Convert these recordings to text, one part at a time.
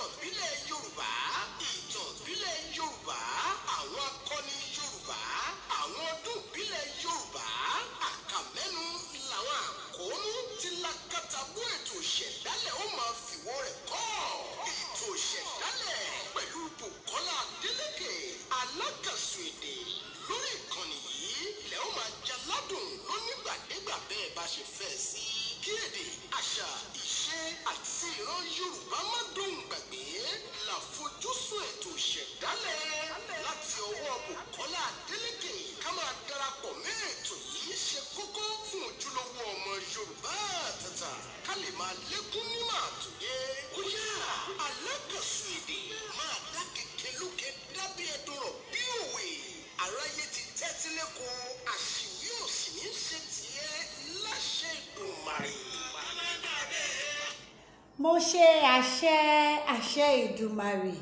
ìtàn ìbílẹ̀ Yorùbá ìtàn ìbílẹ̀ Yorùbá àwọn akọni Yorùbá àwọn ọdún ìbílẹ̀ Yorùbá àkàmẹ́nu làwọn àkóónú ti lakata bó ètò ìṣẹ̀dálẹ̀ ó máa fìwọ́ rẹ̀ kọ́ ètò ìṣẹ̀dálẹ̀ pẹ̀lú Bùkọ́lá Adélékè alákàsùn èdè lórí ìkànnì yìí lẹ́ ó máa jaládùn lónígbàdégbà bẹ́ẹ̀ bá ṣe fẹ́ sí kí èdè àṣà ìṣ àṣẹ àti ìran Yorùbá má dùn gbàgbé láfojúsùn ètò ìṣẹ̀dálẹ̀ láti ọwọ́ Bùkọ́lá Adélékè ká máa darapọ̀ mẹ́ ètò yìí ṣe kókó fún ojúlówó ọmọ Yorùbá àtàtà ká lè máa lékún nímọ̀ àtòyé ó yá alákòóso èdè máa dá kékeré lókè dábẹ́ ẹ̀dọ̀rọ̀ bí òwe àráyé ti tẹ́tílẹ̀kùn àṣìwé òsì ní ṣe mo ṣe àṣẹ àṣẹ ìdùmarè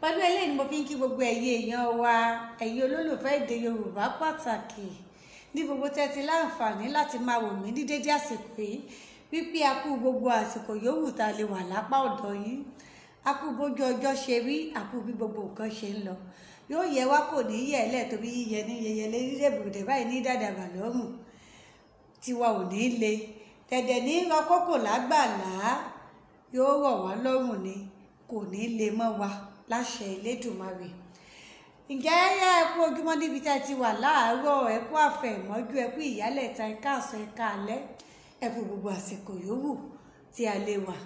pẹ̀lú eléyìí ni mo fi ń kí gbogbo ẹ̀yin èèyàn wa ẹ̀yin olólùfẹ́ èdè yorùbá pàtàkì ní gbogbo tẹ́tí láǹfààní láti máa wò mí ní déédé àsìkò yìí wípé a kú gbogbo àsìkò yòówù tá a lè wà lápá ọ̀dọ̀ yín a kú bójú ọjọ́ ṣe rí a kú bí gbogbo nǹkan ṣe ń lọ yóò yẹ wá kò ní yẹ ẹ lẹ́tọ́bí yíyẹ ní yẹyẹ lé bòdè báyìí ní dàdàbà lọ́rùn tiwa ò ní le dẹ̀dẹ̀ ní rọ kókò lágbàlá yóò rọ̀ wá lọ́rùn ni kò ní lè mọ́ wa láṣẹ Elédùmarè ǹjẹ́ ẹ kú ojúmọ́ níbi tá ẹ ti wà láàárọ̀ ẹ kú àfẹ̀mọ́jú ẹ kú ìyálẹ̀ ta ẹ̀ka àsán ẹ̀ka alẹ́ ẹ kú gbogbo àsìkò yòówù tí a lè wà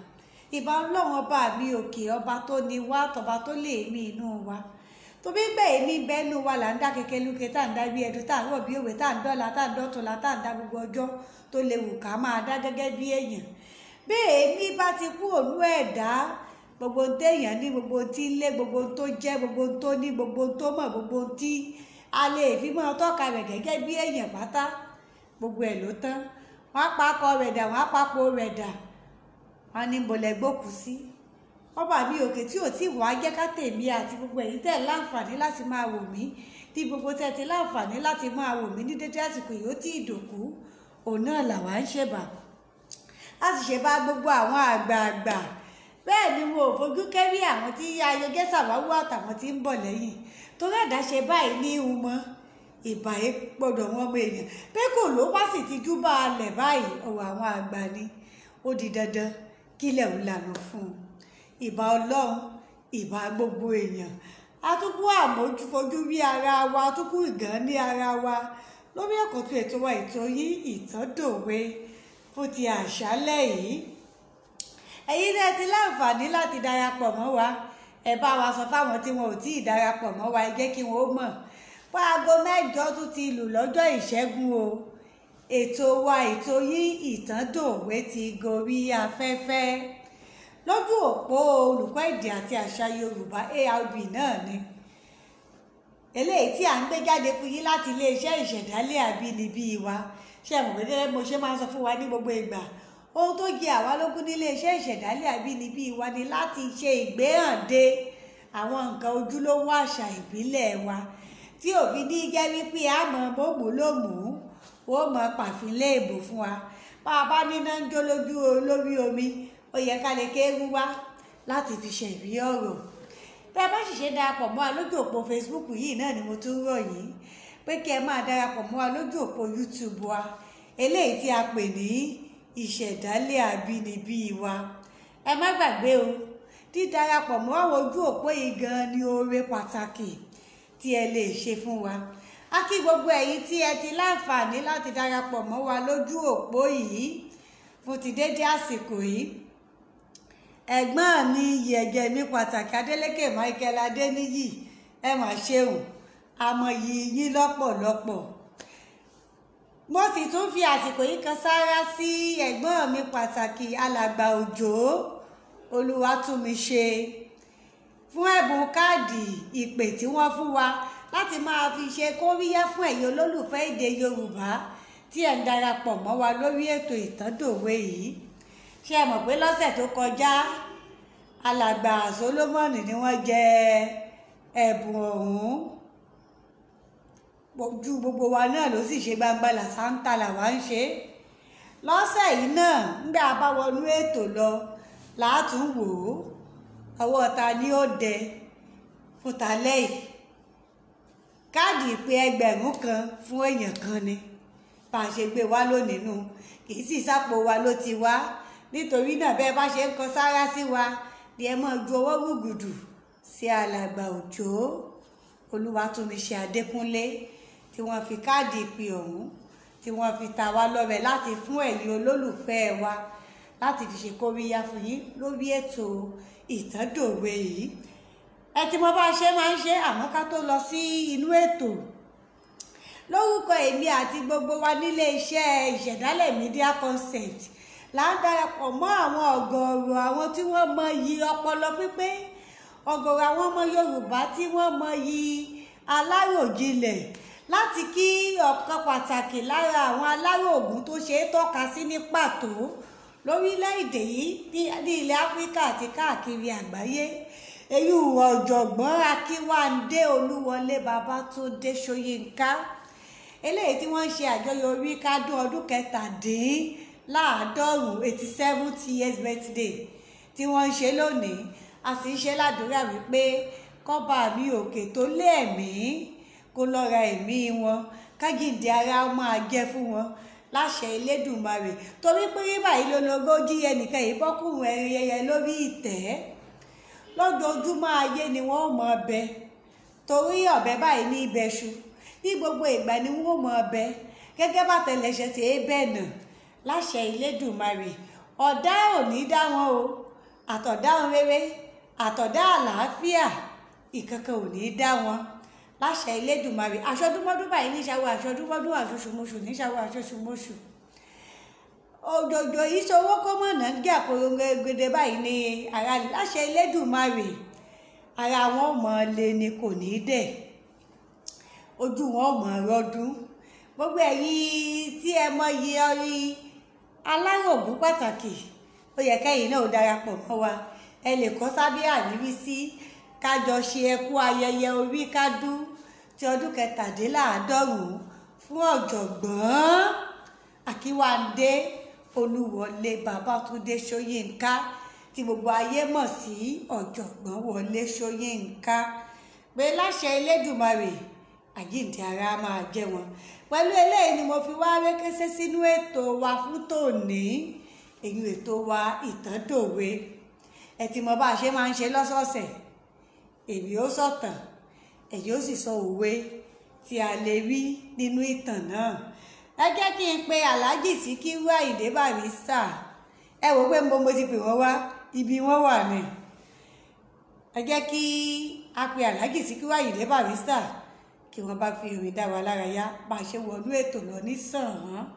ìbá ọlọ́run ọba mi òkè ọba tó ní wá tọba tó lè mí inú wa tóbi bẹ́ẹ̀ èmi bẹ́ẹ̀nu wa là ń dá kéke lúke tá à ń dá bí ẹdun tá à ń rọ̀ bí òwe tá à ń dọ́la tá à ń dọ́tun la tá à ń dá gbogbo ọjọ́ tó léwu ká máa dá gẹ́gẹ́ bí èèyàn bẹ́ẹ̀mí bá ti kú òlú ẹ̀dá gbogbo téèyàn ní gbogbo tí ń lé gbogbo tó jẹ́ gbogbo tó ní gbogbo tó mọ̀ gbogbo tí a lè fi mọ́ tọ́ka rẹ̀ gẹ́gẹ́ bí èèyàn pátá gbogbo ẹ̀ ló tán wọ́n á pakọ rẹ̀ dà wọ́n á papọ̀ rẹ̀ dà wọ́n ní bọ̀lẹ̀ gbòkú sí ọba mi òkè tí ò tí wàá jẹ́ ká tèmi àti gbogbo èyí tẹ̀ láǹfààní láti máa wò mí tí gbogbo tẹ̀ ti láǹfààní láti máa wò mí ní dédé àsìkò yìí ó tí ì dòkú òun náà làwa ń ṣèbàkú a sì ṣe bá gbogbo àwọn àgbààgbà bẹ́ẹ̀ ni mo fojú kẹ́rí àwọn tí ayẹyẹ sàwáwú àtàwọn tí ń bọ̀ lẹ́yìn torí ẹ̀dá ṣe báyìí ní ihun mọ́ ìbàyè gbọ́dọ̀ wọn ọmọ èèyàn pé kò ló wá sì ti júbà alẹ̀ báyìí ọ̀rọ̀ àwọn àgbà ni ó di dandan kílẹ̀ ń lànà fún un ìbà ọlọ́run ìbà gbogbo èèyàn atukú àmójúfojú bí ara wa atukú ìgàn ní ara wa lórí ẹ̀kọ́ tó ètò wa ètò yín ìtọ́dòwe fún ti àṣálẹ́ yìí ẹ̀yin náà ti láǹfààní láti darapọ̀ mọ́ wa ẹ bá wa sọ fáwọn tí wọn ò tí ì darapọ̀ mọ́ wa ẹ jẹ́ kí wọn ó mọ̀ pé aago mẹ́jọ tún ti lù lọ́jọ́ ìṣẹ́gun o ètò wa ètò yín Ìtàndòwe ti gorí afẹ́fẹ́ lójú òpó olùkọ́ èdè àti àṣà Yorùbá ARB náà ni eléyìí tí à ń gbé jáde fún yín láti iléeṣẹ́ ìṣẹ̀dálẹ̀ àbínibí wa ṣe mọ̀ pé mo ṣe máa ń sọ fún wa ní gbogbo ìgbà ohun tó jẹ àwa lógún nílé iṣẹ́ ìṣẹ̀dálẹ̀ àbínibí wa ni láti ṣe ìgbéhànde àwọn nǹkan ojúlówó àṣà ìbílẹ̀ wa tí òfin ní jẹ́ wípé a mọ̀ bóòmù lóòmù ó mọ̀ pàfínlẹ̀ èbò fún wa bá a bá níná ń jó lójú lórí omi ó yẹ ká lè kéwú wá láti fi ṣe ìbí ọ̀rọ̀ bẹ́ẹ̀ bá ṣìṣe darapọ̀ mọ́ a lójú òpó Facebook yìí náà ni mo tún rọ̀ yìí pé kí ẹ máa darapọ̀ mọ́ wa lójú òpó YouTube wa eléyìí tí a pè ní ìṣẹ̀dálẹ̀ àbínibí wa ẹ má gbàgbé o dídarapọ̀ mọ́ àwọn ojú òpó yìí gan ni oore pàtàkì tí ẹ lè ṣe fún wa a kí gbogbo ẹ̀yin tí ẹ ti láǹfààní láti darapọ̀ mọ́ wa lójú òpó yìí fún ti dédé àsìkò yìí ẹ̀gbọ́n mi yẹ̀gẹ̀ mi pàtàkì Adélékè Michael Adéníyì ẹ mà ṣeun àmọ̀yì yín lọ́pọ̀lọpọ̀ mo sì tún fi àsìkò yìí kan sára sí ẹ̀gbọ́n mi pàtàkì alàgbà òjò olùwàtúnmiṣe fún ẹ̀bùn káàdì ìpè tí wọ́n fún wa láti máa fi ṣe kóríyá fún ẹ̀yin olólùfẹ́ èdè yorùbá tí ẹ̀ ń darapọ̀ mọ́ wa lórí ètò ìtàndòwe yìí ṣé mọ̀ pé lọ́sẹ̀ tó kọjá alàgbà solomoni ni wọ́n jẹ ẹ̀bùn ọ̀hún ojú gbogbo wa náà ló sì ṣe gbangba làṣáńtà làwa ń ṣe lọ́sẹ̀ yìí náà nígbà bá wọnú ètò lọ látún wò ó ọwọ́ ta ni ó dẹ fúta lẹ́yìn káàdì ìpè ẹgbẹ̀rún kan fún èèyàn kan ni bá a ṣe gbé wá lónìí nù kì í sì sápò wa ló ti wá nítorí náà bẹ́ẹ̀ bá ṣe ń kọ sára sí wa ni ẹ máa ju ọwọ́ rúgùdù sí alàgbà òjò olúwatúnmí ṣe adékúnlé tí wọ́n fi káàdì ìpè ọ̀hún tí wọ́n fi ta wá lọ́bẹ̀ láti fún ẹ̀yin olólùfẹ́ wa láti fi ṣe kóríyá fún yín lórí ètò ìtàndòwe yìí ẹ ti mọ bá ṣe máa ń ṣe àmọ́ ká tó lọ sí inú ètò lórúkọ èmi àti gbogbo wa nílé iṣẹ́ ìṣẹ̀dálẹ̀ media concept là ń darapọ̀ mọ́ àwọn ọ̀gọ̀ọ̀rọ̀ àwọn tí wọ́n mọ yí ọpọlọ pípé ọ̀gọ̀ọ̀rọ̀ àwọn ọmọ Yorùbá tí wọ́n mọ yí aláròjinlẹ̀ láti kí ọ̀kan pàtàkì lára àwọn aláró ògùn tó ṣe é tọ́ka sí ní pàtó lórílẹ̀‐èdè yìí ní ilẹ̀ áfíríkà àti káàkiri àgbáyé èyí ọ̀jọ̀gbọ́n akínwándé olúwọlé babátúndé ṣóyínká eléyìí tí wọ́n ń ṣe àjọyọ̀ orí kádùn ọdún kẹtàdínláàádọ́rùn-ún eighty seven years birthday tí wọ́n ń ṣe lónìí a sì ń ṣe ládùúrà wípé kọ́ba mi òkè tó lé ẹ̀mí kó lọ́ra ẹ̀mí wọn kágìndé ara máa jẹ́ fún wọn láṣẹ Elédùmarè torí pé rí báyìí lólogójì ẹnìkan yìí bọ́kùnrin ẹ̀rín ẹyẹ lórí ìtẹ́ lójoojúmọ́ ayé ni wọ́n mọ ọbẹ torí ọ̀bẹ báyìí ní ibẹ̀ṣu ní gbogbo ìgbà ni wọ́n mọ ọbẹ gẹ́gẹ́ bá tẹlẹsẹ̀ tí é bẹ́ẹ̀ nà láṣẹ Elédùmarè ọ̀dá ò ní dá wọn o àtọ̀dá rere àtọ̀dá àlàáfíà ìkankan ò ní dá wọn láṣẹ Elédùmarè aṣọdúnmọ́dún báyìí níṣàwọ̀ aṣọdúnmọ́dún àṣoṣùmọ́ṣù níṣàwọ̀ àṣoṣùmọ́ṣù òjòjò yìí sowó kó mọ̀nà jẹ́ àpòròngbò egede báyìí ní ara láṣẹ Elédùmarè ara wọn mọ̀ lé ni kò ní dẹ̀ ojú wọn mọ̀ rọdún gbogbo ẹ̀yin tí ẹ mọyì ọrí alárògùn pàtàkì ó yẹ kẹ́yìn náà darapọ̀ mọ́ wa ẹ lè kọ sábẹ́ àríwísí kájọ ṣe ẹkú ayẹyẹ orí kádùn ti ọdún kẹtàdínláàádọ́rùn-ún fún ọ̀jọ̀gbọ́n akínwándé olúwọlé babátúndé ṣóyínká tí gbogbo ayé mọ̀ sí ọ̀jọ̀gbọ́n wọlé ṣóyínká pé láṣẹ elédùmarè àjíǹde ara máa jẹ wọn pẹ̀lú eléyìí ni mo fi wá rékésé sínú ètò wa fún tòní èyí ètò wa ìtàn dòwe ẹ ti bá ṣe máa ń ṣe lọ́sọ̀ọ̀sẹ̀ èmi ó sọ̀tàn èyí ó sì sọ òwe tí a lè rí nínú ìtàn náà ẹ jẹ́ kí n pe aláàjì Síkírù Àyìndé Barrister ẹ wò pé mo mo ti pè wọ́n wá ibi wọ́n wà ní ẹ jẹ́ kí a pe aláàjì Síkírù Àyìndé Barrister kí wọ́n bá fi orin dá wa lára yá bá a ṣe wọnú ètò lọ nísàn-án.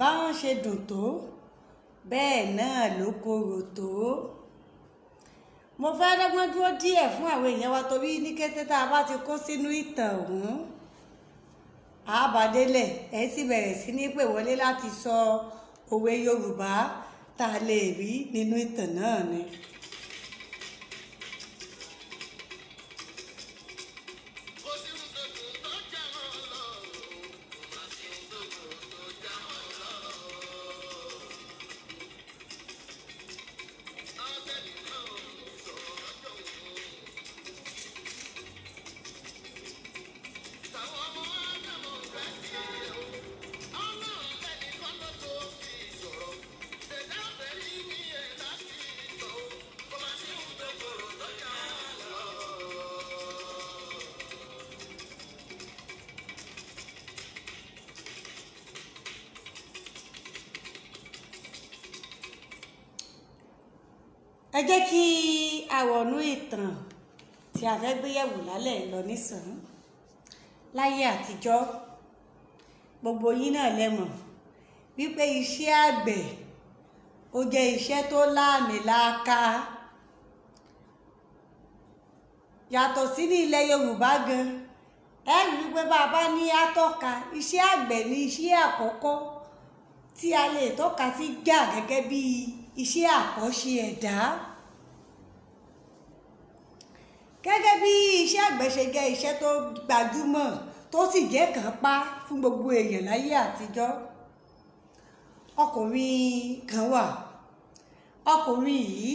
báwọn ṣe dùn tó bẹ́ẹ̀ náà ló korò tó mo fẹ́ dọ́gbọ́n dúró díẹ̀ fún àwọn èèyàn wa torí ní kété tá a bá ti kó sínú ìtàn ọ̀hún àbádélẹ̀ ẹ̀ sì bẹ̀rẹ̀ sí ní pè wọlé láti sọ òwe Yorùbá tá a lè rí nínú ìtàn náà ni. ẹ jẹ́ kí a wọnú ìtàn tí a fẹ́ gbéyẹ̀wò lálẹ́ lọ nísàn láyé àtijọ́ gbogbo yín náà lẹ mọ̀ wípé iṣẹ́ àgbẹ̀ ó jẹ́ iṣẹ́ tó láàmìlaaka yàtọ̀ sí ní ilẹ̀ Yorùbá gan ẹ rí wípé bàbá ní atọ́ka iṣẹ́ àgbẹ̀ ni iṣẹ́ àkọ́kọ́ tí a lè tọ́ka sí gbà gẹ́gẹ́ bí iṣẹ́ àkọ́ṣe ẹ̀dá. E gẹ́gẹ́ bí iṣẹ́ àgbẹ̀ ṣe jẹ́ iṣẹ́ tó gbajúmọ̀ tó sì jẹ́ kànpá fún gbogbo èèyàn láyé àtijọ́ ọkùnrin kan wà ọkùnrin yìí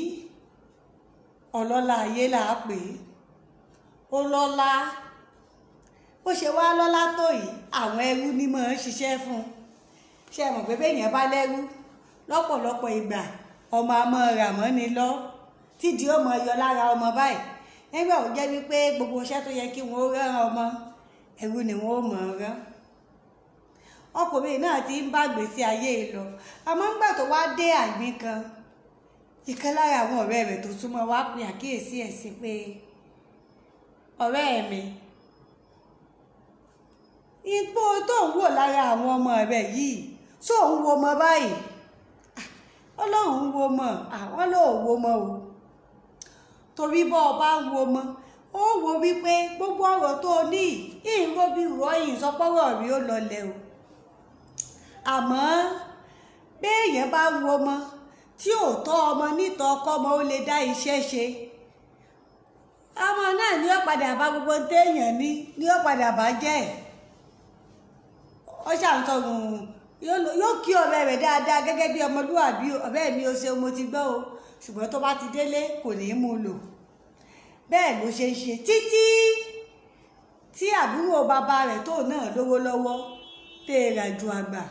ọlọ́lá ayé là á pè é ó lọ́lá ó ṣe wá lọ́lá tó yìí àwọn ẹrú ni mò ń ṣiṣẹ́ fún un ṣe mọ̀ pé béèyàn bá lẹ́rú lọ́pọ̀lọpọ̀ ìgbà ọmọ amọ̀ ràmọ́ ni lọ tídìí ó yọ lára ọmọ báyìí nígbà ó jẹ́ wípé gbogbo iṣẹ́ tó yẹ kí wọ́n rán ọmọ ẹ̀rù ni wọ́n mọ̀ ma rán ọkùnrin náà ti ń bá gbèsè ayé aye lọ àmọ́ ńgbà tó wá dé àìní kan ìkan lára àwọn ọ̀rẹ́ rẹ̀ tó súnmọ́ wá pe àkíyèsí ẹ̀ sí pé ọ̀rẹ́ mi ipò tó ń wò lára àwọn ọmọ rẹ̀ yìí tó ń wo ọmọ báyìí ah, ọlọ́run wo àwọn ah, lóò wo o. torí bọ́ ọ bá wo mọ ó wo wípé gbogbo ọ̀rọ̀ tó o ní ìrọ́bí rọ ìsọpọ́rọ̀ rí ó lọlẹ̀ o àmọ́ béèyàn bá wo mọ tí ò tọ́ ọmọ nítọ́ ọkọ́mọ ó lè dá iṣẹ́ ṣe ọmọ náà ni ó padà bá gbogbo téèyàn ní ni ó padà bá jẹ́ ọ ṣàǹtọ̀gùn yóò kí ọ̀rẹ́ rẹ̀ dáadáa gẹ́gẹ́ bí ọmọlúwàbí ọ̀rẹ́ mi ò ṣe mo ti gbọ́ o ṣùgbọ́n tó bá ti délé kò ní mú lò bẹ́ẹ̀ ló ṣe ń ṣe títí tí àbúrò bàbá rẹ̀ tó náà lówó lọ́wọ́ tẹ́ ẹ ràjò àgbà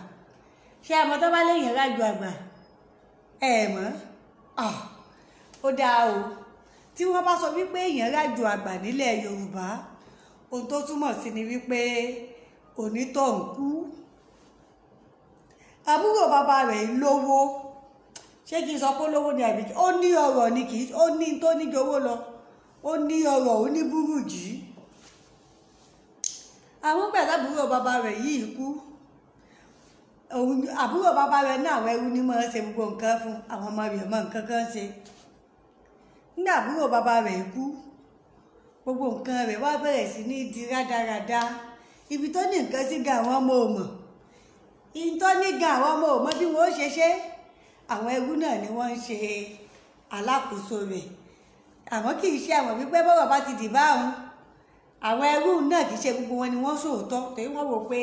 ṣé àmọ́ tó bá lẹ́yìn ràjò àgbà ẹ mọ̀ ó dáa o tí wọ́n bá sọ wípé èèyàn ràjò àgbà nílẹ̀ Yorùbá ohun tó túmọ̀ sí ni wípé onítọ̀hún kú àbúrò bàbá rẹ̀ lówó. ṣé kí n sọ pé olówó ni àbí ó ní ọrọ̀ ni kì í ó ní tó ní gbowó lọ ó ní ọrọ̀ ó ní búrújì àwọn gbàdábùrò bàbá rẹ̀ yìí kú àbúrò bàbá rẹ̀ náà àwọn ẹrú ni mo ṣe gbogbo nǹkan fún àwọn ọmọ rẹ̀ mọ nǹkan kan ṣe nígbà àbúrò bàbá rẹ̀ kú gbogbo nǹkan rẹ̀ wá bẹ̀rẹ̀ sí ní di rádaràda ibi tó ní nǹkan sí ga àwọn ọmọ òmò ìtọ́ ga àwọn ọmọ òmò bí wọ́n ṣe ṣe àwọn ẹrú náà ni wọ́n ń ṣe alákòóso rẹ̀ àmọ́ kì í ṣe àwọn wípé bọ́rọ̀ bá ti dìbà àwọn àwọn ẹrú náà kì í ṣe gbogbo wọn ni wọ́n sòótọ́ torí wọ́n wò pé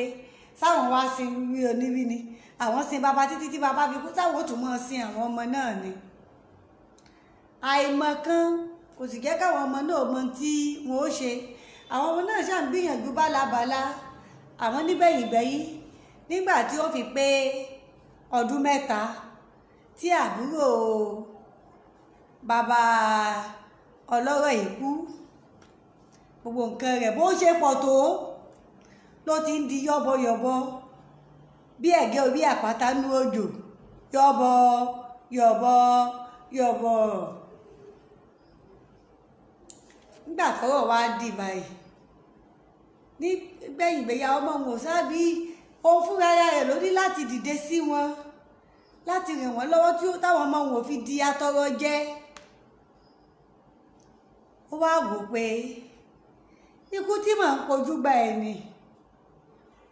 sáwọn wá sí rí onírí ni àwọn sin bàbá títí tí bàbá fi kú sáwọn ò tún mọ́ sin àwọn ọmọ náà ni àìmọ̀ kan kò sì jẹ́ káwọn ọmọ náà mọ tí wọn ó ṣe àwọn ọmọ náà ṣáà gbìyànjú bálabàla àwọn níbẹ̀yìnbẹ̀yìn nígbà tí ó fi pé ọdún mẹ́ta tí àbúrò bàbá ọlọ́rọ̀ yìí kú gbogbo nǹkan rẹ̀ bó ṣe pọ̀ tó ló ti ń di yọ́bọyọ̀bọ bí ẹ̀gẹ́ orí àpáta ní òjò yọ́bọ yọ̀bọ yọ̀bọ nígbà tọ́rọ̀ wá dì báyìí nígbẹ̀yìngbẹ̀yà ọmọ wọn sábì òun fúnra rẹ̀ ló ní láti dìde sí wọn. Si láti rìn wọ́n lọ́wọ́ tí táwọn ọmọ wọn fi di atọrọ jẹ ó wá wò pé ikú tí màá kojú gba ẹni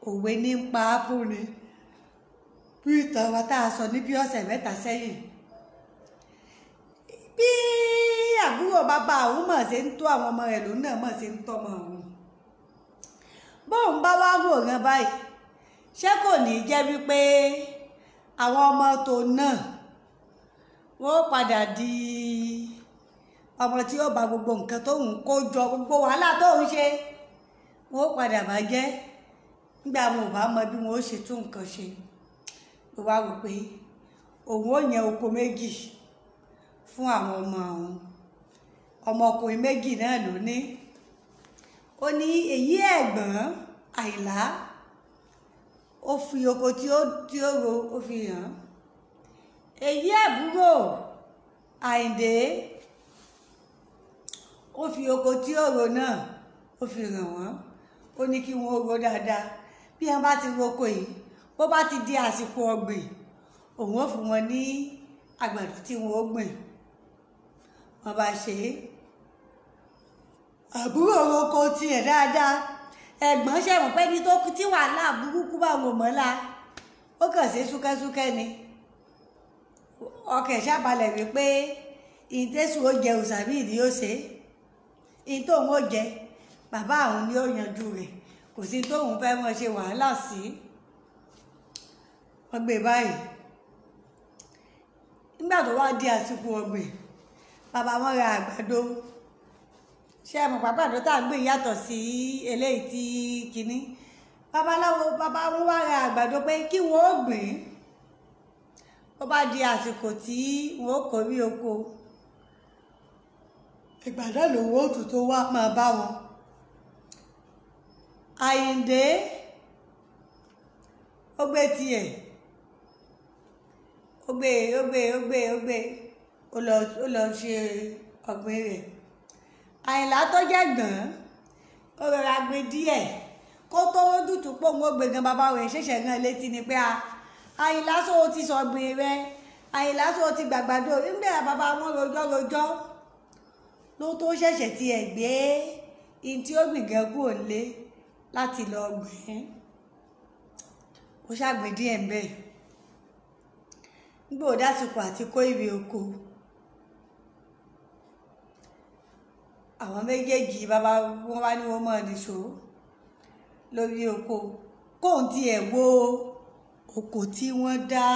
òwe ní ń pa á fún ni bí ìtàn wa tá a sọ ní bí ọ̀sẹ̀ mẹ́ta sẹ́yìn bí àbúrò bàbá àwọn mọ̀ ṣe ń tó àwọn ọmọ rẹ̀ lòun náà mọ̀ ṣe ń tọ́mọ òun bóun bá wá wòran báyìí ṣé kò ní jẹ́ wípé àwọn ọmọ tó náà wọ́n padà di ọmọ tí ó ba gbogbo nǹkan tóun kó jọ gbogbo wàhálà tóun ṣe wọ́n padà bá jẹ́ nígbà wọn ò bá mọ bí wọn ó ṣe tún nǹkan ṣe ló wá wò pé òun ò yẹn oko méjì fún àwọn ọmọ òun ọmọkùnrin méjì náà ló ní ó ní èyí ẹ̀gbọ́n àìlá ó fi oko tí ó tí ó ro ó fi hàn án èyí àbúrò àyìndé ó fi oko tí ó ro náà ó fi hàn wọ́n ó ní kí wọ́n ro dáadáa bí wọ́n bá ti roko yìí bó bá ti di àsìkò ọ̀gbìn òun ó fún wọn ní àgbàdo tí wọn ó gbìn wọ́n bá ṣe àbúrò roko tiẹ̀ dáadáa ẹ̀gbọ́n ṣe mọ̀ pé ibi tó tí wàhálà burúkú bá wò mọ́ ó kàn sí súkẹ́súkẹ́ ni ọkàn ṣàbalẹ̀ wípé ìtẹ́sù ó jẹ òsàbí ìdí ó ṣe ìtòhun ó jẹ bàbá àwọn ni ó yanjú rẹ̀ kò sí tóhun fẹ́ mọ́ ṣe wàhálà sí ọgbẹ́ báyìí nígbà tó wá di àsìkò ọgbẹ́ bàbá wọn ra àgbàdo ṣé mo pàpà tó tá à ń gbé yàtọ̀ sí eléyìí tí kinní babaláwo bàbá wọn wá ra àgbàdo pé kí wọn ó gbìn ó bá di àsìkò tí wọn ó kórè oko ìgbà náà lòun ó tún tó wá máa bá wọn àyíǹde ó gbé tiẹ̀ ó gbé ó gbé ó gbé ó gbé ó lọ ṣe ọ̀gbìn rẹ̀ àyìnlá tó jẹ́ gbọ̀n ó rọra gbé díẹ̀ kó tó dùtù pòun ó gbé gan bàbá rẹ̀ ṣẹ̀ṣẹ̀ rán létí ni pé àyìnlá sọ o ti sọ̀gbìn rẹ àyìnlá sọ o ti gbàgbàdo nígbà bàbá wọn rojọ́ rojọ́ ló tó ṣẹ̀ṣẹ̀ ti ẹ̀ gbé ihun tí ó gbìn gan kúrò lé láti lọ gbìn ó ṣàgbìn díẹ̀ ń bẹ̀ nígbà àti kó ìwé oko. àwọn méjèèjì bàbá wọn bá ní wọn mọ̀ nìṣó lórí oko kóun tiẹ̀ wo oko tí wọ́n dá.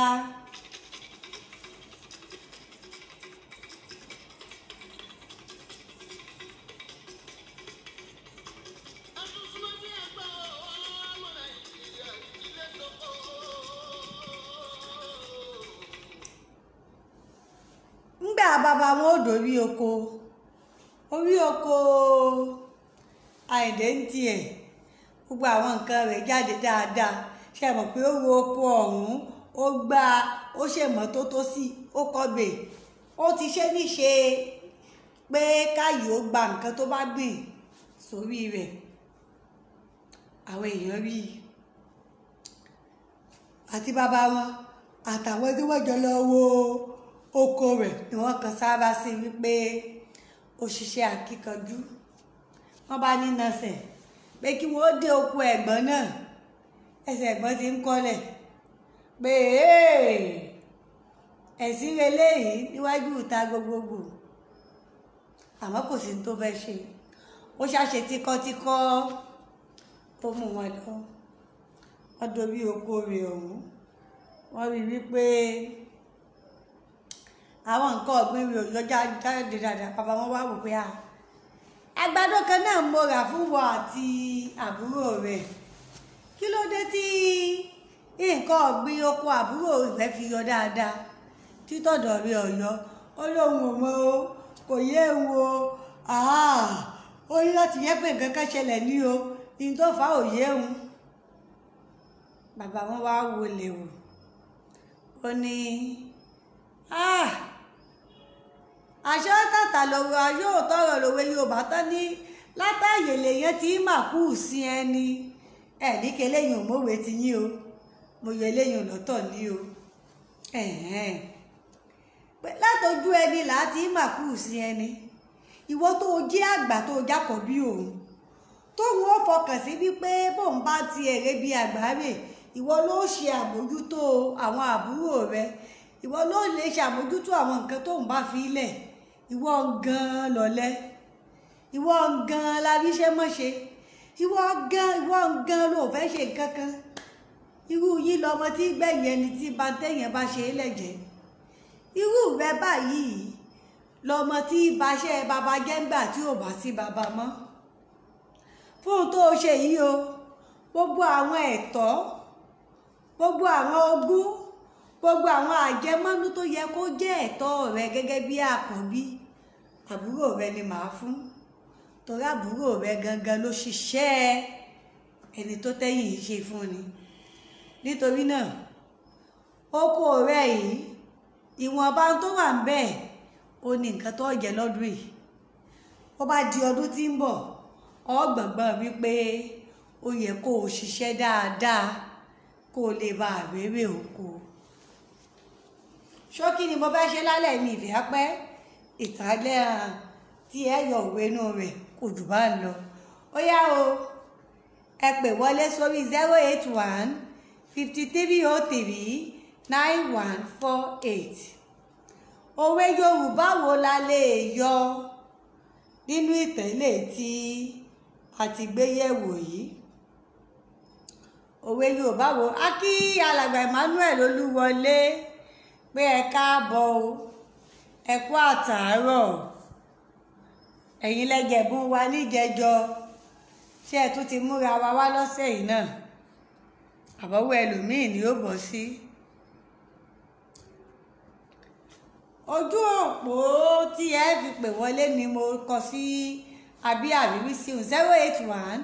ńgbà bàbá wọn ò dórí oko orí oko àìdè ń tiẹ̀ gbogbo àwọn nǹkan rẹ̀ jáde dáadáa ṣe mọ̀ pé ó ro oko ọ̀hún ó gbá ó ṣe mọ́tótó sí ó kọ́gbè ó ti ṣe níṣe pé káyì ó gba nǹkan tó bá gbìn sórí rẹ̀ àwọn èèyàn rí i àti bàbá wọn àtàwọn tí wọ́n jọ lọ wo oko rẹ̀ ni wọ́n kan sábà sí wípé òṣìṣẹ́ akíkanjú wọ́n bá ní nasẹ̀ pé kí wọ́n dé oko ẹ̀gbọ́n náà ẹsẹ̀ ẹ̀gbọ́n ti ń kọ́lẹ̀ pé ẹ̀sìn eléyìí níwájú ìta gbogbogbò àmọ́ kò sí tó fẹ́ ṣe ó ṣàṣe tíkọ́tíkọ́ tó mú wọn lọ wọ́n dobí oko rẹ̀ ọ̀hún wọ́n rí wípé àwọn nǹkan ọ̀gbìn mi ò lọ jáde dáadáa bàbá wọn wá wò pé a ah, àgbàdo kan náà mo rà fún wọn àti àbúrò rẹ̀ kí ló dé tí nǹkan ọ̀gbìn oko àbúrò rẹ̀ fi yọ dáadáa títọ̀dọ̀ rẹ̀ ọ̀yọ́ ó lóun ò o kò yé ewu o ah, ó ní láti yẹ pé nǹkan kan ṣẹlẹ̀ ní o ní tó fa òye òun bàbá wọn wá wọlé wò ó ní. Ah! àṣọ tàtà lọ́rọ̀ ayé òtọ́rọ̀ lòwe yorùbá tán ní látàyè lèèyàn tí mà kú sí ẹni ẹ̀ ní keléyìn òmòwe ti yín o mo yọ eléyìn lọ́tọ̀ ní o látọjú ẹni láti mà kú sí ẹni ìwọ tó o jẹ́ àgbà tó o jákọ̀ bí òun tóun ó fọkàn sí wípé bóun bá ti èrè bí àgbáre ìwọ ló ṣe àmójútó àwọn àbúrò rẹ ìwọ ló lè ṣàmójútó àwọn nǹkan tóun bá fi lẹ̀ ìwọ gan-an lọ̀lẹ ìwọ gan-an lábíṣẹ́ mọ́ṣe ìwọ gan-an ìwọ gan-an ló fẹ́ ṣe nǹkan kan irú yín lọmọ tí gbẹ̀yìn ẹni tí bàtẹ́yìn bá ṣe é lẹ̀jẹ̀ irú rẹ báyìí lọmọ tí baṣẹ́ baba jẹ́ngbà tí ò bá sí baba mọ́ fún tó ṣe yìí o gbogbo àwọn ẹ̀tọ́ gbogbo àwọn ogún gbogbo àwọn àjẹmọ́nú tó yẹ kó jẹ́ ẹ̀tọ́ rẹ gẹ́gẹ́ bí àkọ́bí àbúrò rẹ ni màá fún torí àbúrò rẹ gangan ló ṣiṣẹ́ ẹni tó tẹ́yìn yìí ṣe fún ni nítorí náà oko rẹ yìí ìwọ̀nba tó wà ń bẹ̀ ó ní nǹkan tó jẹ lọ́dún yìí ó bá di ọdún tí ń bọ̀ ọ gbọ̀ngbọ̀n wípé ó yẹ kó o ṣiṣẹ́ dáadáa kó o lè bá àbẹ̀rẹ̀ oko ṣókí ni mo fẹ́ ṣe lálẹ́ mi ìfẹ́ pẹ́ ìtàlẹ́ tí ẹ yọ òwe inú rẹ̀ kò jù bá ń lọ ó yá o ẹ pè wọlé sórí zero eight one fifty three oh three nine one four eight òwe Yorùbá wo la lè yọ nínú ìtẹ́lẹ̀ tí a ti gbé yẹ̀wò yìí òwe Yorùbá wo a kí alàgbà Emmanuel Olúwọlé pé ẹ káàbọ̀ o ẹ kú àtàárọ̀ ẹ̀yin lẹ́gẹ̀bùn wa níjẹjọ ṣé ẹ tún ti múra wa wá lọ́sẹ̀ yìí náà àbọ̀wọ́ ẹlòmíì ni ó bọ̀ sí. ojú òpó tí ẹ fi pè wọlé ni mo kọ sí Abi. àríwí sí zero eight one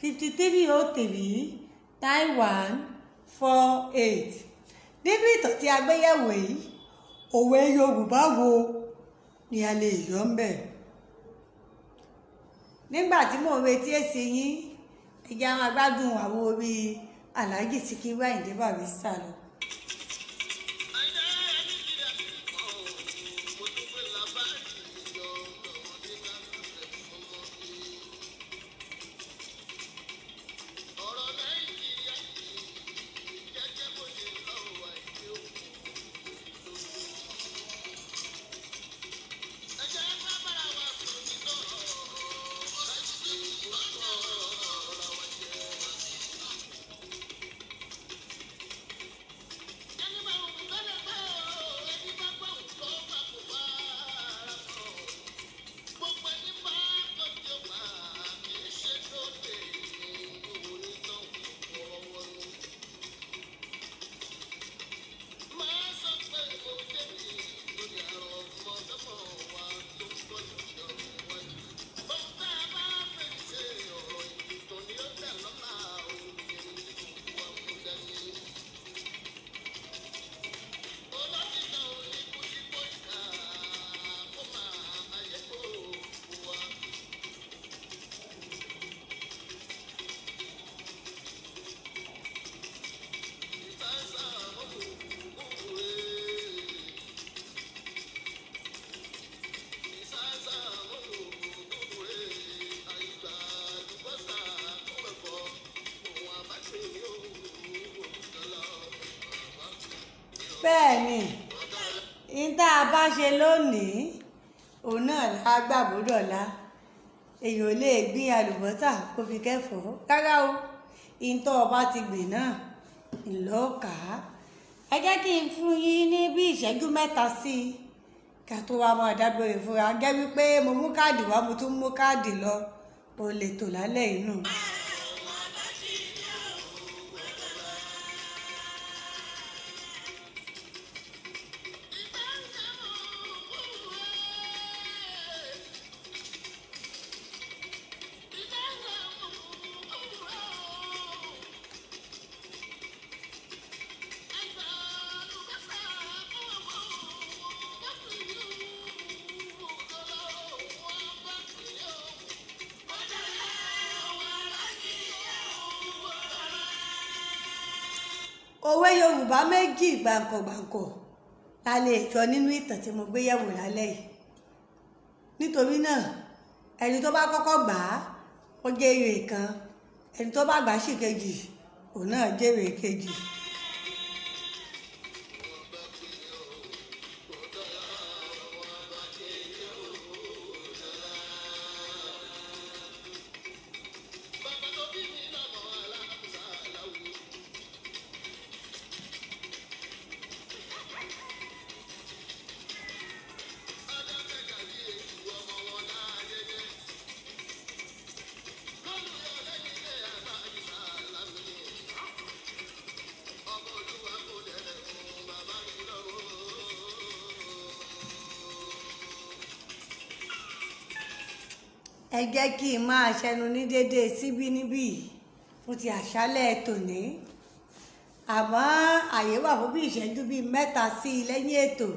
fifty three oh three nine one four eight níbi ìtàn tí a gbé yẹ̀wò yìí òwe yorùbá wo ni a lè yọ ń bẹ̀. nígbà tí mò ń retí èsì yín ẹ̀jẹ̀ á máa gbádùn orí aláàjì Síkírù Àyìndé Bàrístà lọ. bẹ́ẹ̀ ni ní tá a bá ṣe lónìí òun náà la gbàgbọ́dọ̀ la èèyàn ò lè gbin àlùbọ́sà kó fi kẹ́fọ̀ọ́ rárá o ìtọ́ ọba ti gbìn náà ńlọ́ọ̀ká ẹ jẹ́ kí n fún yín ní bí ìṣẹ́jú mẹ́ta sí i ká tó wá máa dágbére fúnra gẹ́ wípé mo mú káàdì wá mo tún mú káàdì lọ o lè tò lálẹ́ inú. òwe yorùbá méjì gbàǹkọ̀gbàǹkọ̀ ta lè jọ nínú ìtàn tí mo gbé yẹ̀wò lálẹ́ yìí nítorí náà ẹni tó bá kọ́kọ́ gbà á ó jẹ́ èrè kan ẹni tó bá gbà á sì kejì òun náà jẹ́ èrè kejì. ẹ jẹ́ kí n máa ṣẹnu ní déédéé síbí níbí fún ti àṣálẹ̀ tòní àmọ́ àyè wà fún bí ìṣẹ́jú bíi mẹ́ta sí i lẹ́yìn ètò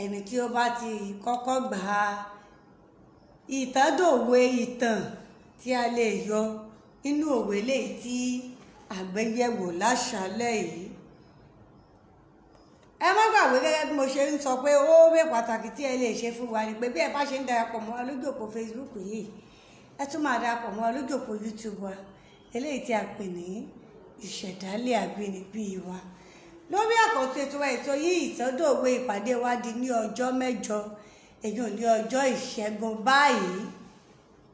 ẹni tí ó bá ti kọ́kọ́ gbà á ìtàndòwe ìtàn tí a lè yọ nínú òwe lèyí tí àgbéyẹ̀wò láṣálẹ̀ yìí ẹ má gbàgbé gẹ́gẹ́ bí mo ṣe ń sọ pé oore pàtàkì tí ẹ lè ṣe fún wa ni pé bí ẹ bá ṣe ń darapọ̀ mọ́ alójòpó Facebook yìí ẹ tún máa darapọ̀ mọ́ alójòpó YouTube wa eléyìí tí a pè ní ìṣẹ̀dálẹ̀ àbínibí wa lórí àkọ́tún ètò ètò yìí ìtọ́dọ̀wé ìpàdé wa di ní ọjọ́ mẹ́jọ èyí ò ní ọjọ́ ìṣẹ́gun báyìí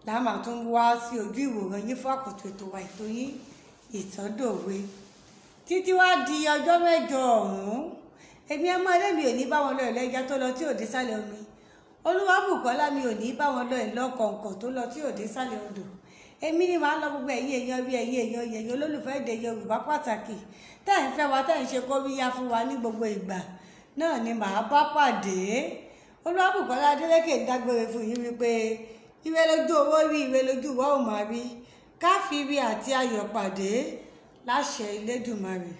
la máa tún wá sí ojú ìwòran yín fún àkọ́tún ètò wa yìí ìtọ́dọ̀wé títí wá di ọjọ́ mẹ́jọ ọ̀hún èmi ẹ mọ́ ẹlẹ́mi ò ní bá wọn lọ ìlẹ́jà tó lọ tí ò dé sálẹ̀ omi olúwàbùkọ́lá mi ò ní bá wọn lọ ìlọ kọ̀ǹkọ̀ tó lọ tí ò dé sálẹ̀ odò èmi ni màá lọ gbogbo ẹ̀yin èèyàn bí ẹ̀yin èèyàn yẹ̀yìn olólùfẹ́ èdè yorùbá pàtàkì tá ẹ̀ ń fẹ́ wa tá ẹ̀ ń ṣe kóríyá fún wa ní gbogbo ìgbà náà ni màá bá pàdé olúwàbùkọ́lá adélékè ń dágbére fún yín wípé ire lójú owó rí ire lójú ìwọ́ ò máa rí káfíìrì àti ayọ̀ pàdé láṣẹ Elédùmarè.